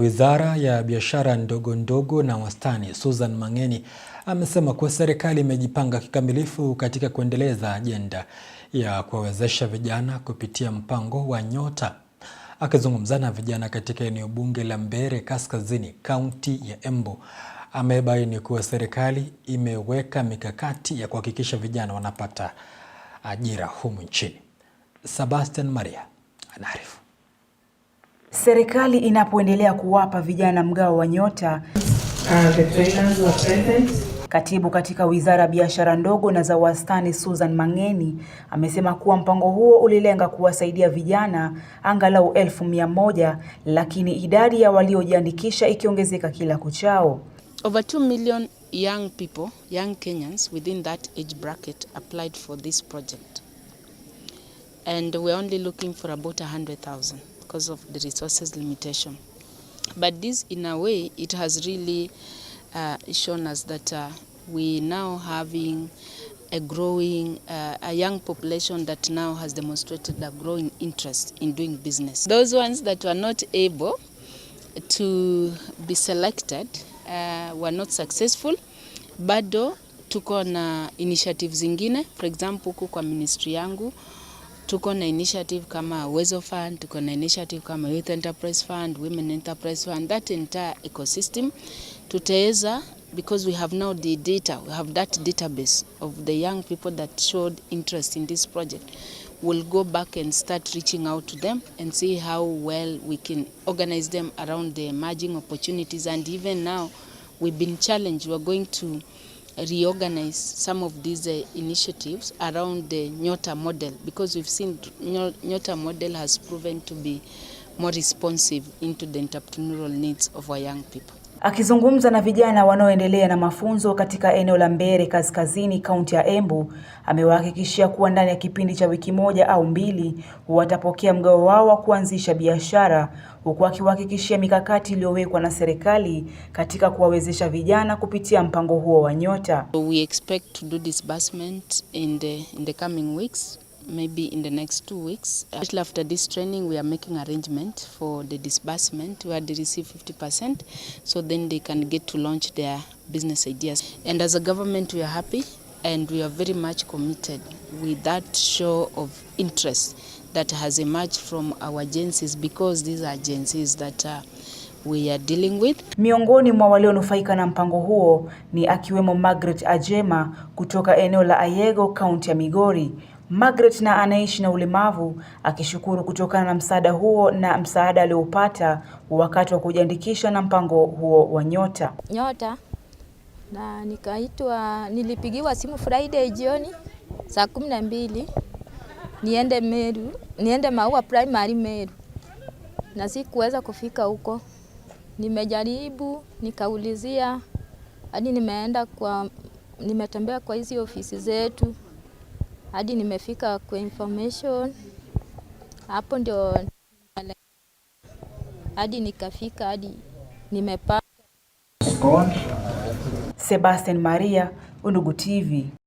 Wizara ya Biashara Ndogo Ndogo na Wastani, Susan Mang'eni, amesema kuwa serikali imejipanga kikamilifu katika kuendeleza ajenda ya kuwawezesha vijana kupitia mpango wa Nyota. Akizungumza na vijana katika eneo bunge la Mbeere Kaskazini, kaunti ya Embu, amebaini kuwa serikali imeweka mikakati ya kuhakikisha vijana wanapata ajira humu nchini. Sebastian Maria anaarifu serikali inapoendelea kuwapa vijana mgao wa nyota. Katibu katika Wizara ya Biashara Ndogo na za Wastani, Susan Mang'eni, amesema kuwa mpango huo ulilenga kuwasaidia vijana angalau elfu mia moja, lakini idadi ya waliojiandikisha ikiongezeka kila kuchao. Over 2 million young people, young Kenyans within that age bracket applied for this project. And we're only looking for about 100,000 because of the resources limitation. But this, in a way, it has really uh, shown us that uh, we now having a growing uh, a young population that now has demonstrated a growing interest in doing business. Those ones that were not able to be selected uh, were not successful, bado tuko na initiatives zingine, for example huku kwa ministry yangu Tuko na initiative kama Uwezo Fund, tuko na initiative kama Youth Enterprise Fund, Women Enterprise Fund, that entire ecosystem tutaweza because we have now the data, we have that database of the young people that showed interest in this project. We'll go back and start reaching out to them and see how well we can organize them around the emerging opportunities. And even now, we've been challenged. We're going to reorganize some of these uh, initiatives around the Nyota model because we've seen Nyota model has proven to be more responsive into the entrepreneurial needs of our young people. Akizungumza na vijana wanaoendelea na mafunzo katika eneo la Mbeere Kaskazini, kaunti ya Embu, amewahakikishia kuwa ndani ya kipindi cha wiki moja au mbili watapokea mgao wao wa kuanzisha biashara, huku akiwahakikishia mikakati iliyowekwa na serikali katika kuwawezesha vijana kupitia mpango huo wa Nyota. we expect to do disbursement in the, in the coming weeks maybe in the next two weeks. Shortly after this training, we are making arrangement for the disbursement where they receive 50%, so then they can get to launch their business ideas. And as a government, we are happy and we are very much committed with that show of interest that has emerged from our agencies because these are agencies that are uh, we are dealing with. Miongoni mwa walionufaika na mpango huo ni akiwemo Margaret Ajema kutoka eneo la Ayego, kaunti ya Migori Margaret na anaishi na ulemavu akishukuru kutokana na msaada huo na msaada aliopata wakati wa kujiandikisha na mpango huo wa Nyota. Nyota na nikaitwa, nilipigiwa simu Friday jioni saa kumi na mbili niende Meru, niende Maua Primary Meru, na sikuweza kufika huko. Nimejaribu, nikaulizia hadi nimeenda kwa, nimetembea kwa hizi ofisi zetu hadi nimefika kwa information. Hapo ndio hadi nikafika hadi nimepata. Sebastian Maria, Undugu TV.